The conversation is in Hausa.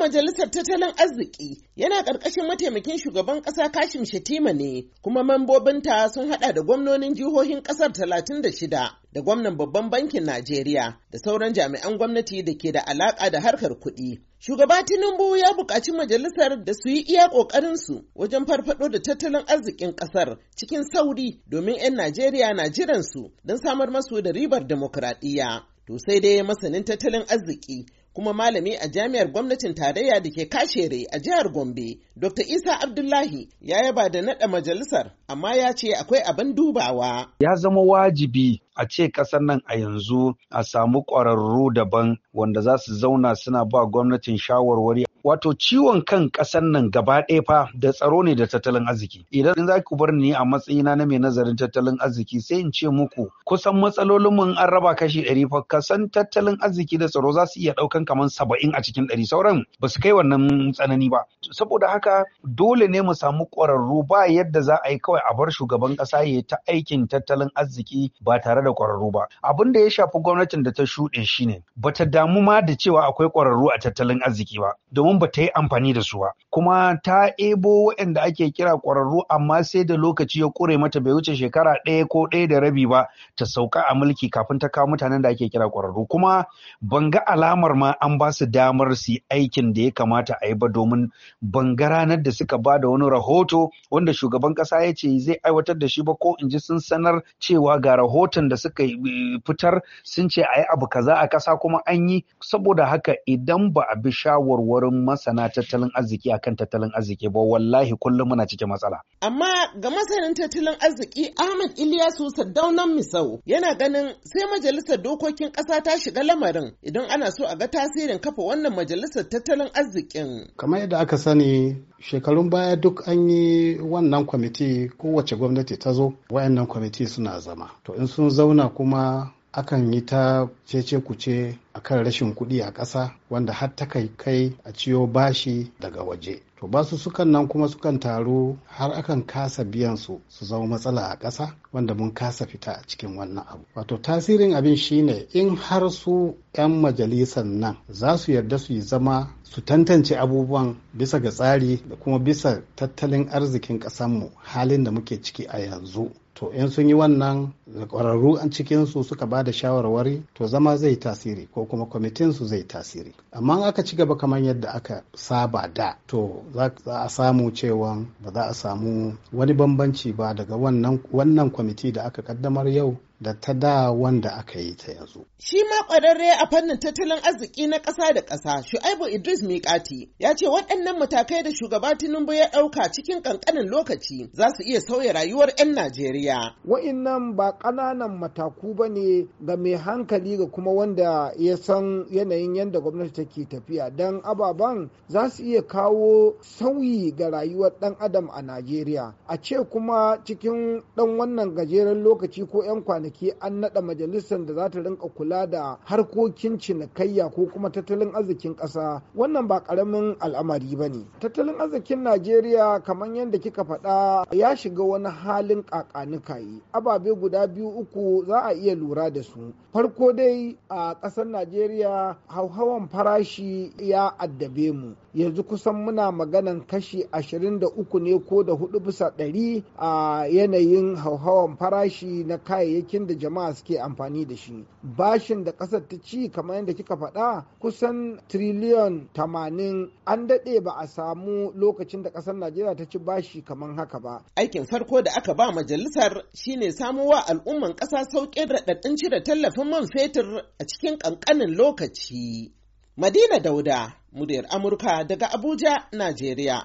Majalisar Tattalin Arziki yana ƙarƙashin mataimakin shugaban ƙasa Kashim Shatima ne, kuma mambobinta sun haɗa da gwamnonin jihohin ƙasar 36 da gwamnan babban bankin Najeriya da sauran jami'an gwamnati da ke da alaƙa da harkar kuɗi. Shugaba Tinubu ya buƙaci majalisar da su yi iya ƙoƙarinsu wajen farfaɗo da tattalin arzikin ƙasar cikin sauri domin 'yan Najeriya na jiransu don samar masu da ribar dimokuraɗiyya, To sai dai masanin tattalin arziki kuma malami a jami'ar gwamnatin tarayya da ke kashere a jihar Gombe, Dr. Isa Abdullahi ya yaba da naɗa majalisar, amma ya ce akwai abin dubawa. Ya zama wajibi a ce kasar nan a yanzu a samu ƙwararru daban wanda za su zauna suna ba gwamnatin shawarwari wato ciwon kan ƙasar nan gaba ɗaya fa da tsaro ne da tattalin arziki idan za ku bar ni a matsayina na mai nazarin tattalin arziki sai in ce muku kusan matsalolin mun an raba kashi ɗari fa kasan tattalin arziki da tsaro za su iya ɗaukan kamar saba'in a cikin ɗari sauran ba su kai wannan tsanani ba saboda haka dole ne mu samu ƙwararru ba yadda za a yi kawai a bar shugaban ƙasa ya ta aikin tattalin arziki ba tare da da ƙwararru ba abin da ya shafi gwamnatin da ta shuɗe shi shine bata damu ma da cewa akwai ƙwararru a tattalin arziki ba domin ba ta yi amfani da su ba kuma ta ebo waɗanda ake kira ƙwararru amma sai da lokaci ya ƙure mata bai wuce shekara ɗaya ko ɗaya da rabi ba ta sauka a mulki kafin ta kawo mutanen da ake kira ƙwararru kuma ban ga alamar ma an ba su damar su aikin da ya kamata a yi ba domin ban ga ranar da suka ba da wani rahoto wanda shugaban ƙasa ya ce zai aiwatar da shi ba ko in ji sun sanar cewa ga rahoton da suka e, fitar sun ce a yi abu kaza a ƙasa kuma an yi saboda haka idan ba a bi shawarwar wurin masana tattalin arziki akan tattalin arziki ba wallahi kullum muna cikin matsala. Amma ga masanin tattalin arziki Ahmad Ilyasu Saddaunan Misau yana ganin sai majalisar dokokin ƙasa ta shiga lamarin idan ana so a ga tasirin kafa wannan majalisar tattalin arzikin. Kamar yadda aka sani shekarun baya duk an yi wannan kwamiti kowace gwamnati ta zo wayannan kwamiti suna zama. To in sun zauna kuma akan yi ta cece kuce kan rashin kuɗi a ƙasa wanda har ta kai kai a ciyo bashi daga waje to basu sukan nan kuma sukan taru har akan kasa biyan su su zama matsala a ƙasa wanda mun kasa fita a cikin wannan abu wato tasirin abin shine in har su 'yan majalisan nan za su yarda su yi zama su tantance abubuwan bisa ga tsari da kuma bisa tattalin arzikin ƙasanmu halin da muke ciki a yanzu to in sun yi wannan kwararru an cikin su suka ba da shawarwari to zama zai tasiri ko kuma kwamitin su zai tasiri amma aka ci gaba kamar yadda aka saba da to za a samu cewa ba za a samu wani bambanci ba daga wannan kwamiti da aka kaddamar yau da ta da wanda aka yi ta yanzu. Shi ma ƙwararre a fannin tattalin arziki na ƙasa da ƙasa Shu'aibu Idris Mikati ya ce waɗannan matakai da shugaba Tinubu ya ɗauka cikin ƙanƙanin lokaci za su iya sauya rayuwar 'yan Najeriya. Wa'innan ba ƙananan mataku ba ne ga mai hankali ga kuma wanda ya san yanayin yadda gwamnati take tafiya don ababen za su iya kawo sauyi ga rayuwar ɗan adam a Najeriya. A ce kuma cikin ɗan wannan gajeren lokaci ko 'yan kwanaki kwanaki an naɗa majalisar da za ta rinka kula da harkokin cinikayya ko kuma tattalin arzikin ƙasa wannan ba ƙaramin al'amari ba ne tattalin arzikin najeriya kamar yadda kika faɗa ya shiga wani halin ƙaƙanikayi ababe guda biyu uku za a iya lura da su farko dai a ƙasar najeriya hauhawan farashi ya addabe mu yanzu kusan muna maganan kashi ashirin da uku ne ko da hudu bisa ɗari a yanayin hauhawan farashi na kayayyakin kayayyakin da jama'a suke amfani da shi bashin da ƙasar ta ci kamar yadda kika faɗa kusan triliyon tamanin an daɗe ba a samu lokacin da ƙasar najeriya ta ci bashi kamar haka ba aikin farko da aka ba majalisar shine samowa al'umman ƙasa sauƙin raɗaɗin cire tallafin man fetur a cikin ƙanƙanin lokaci madina dauda muryar amurka daga abuja najeriya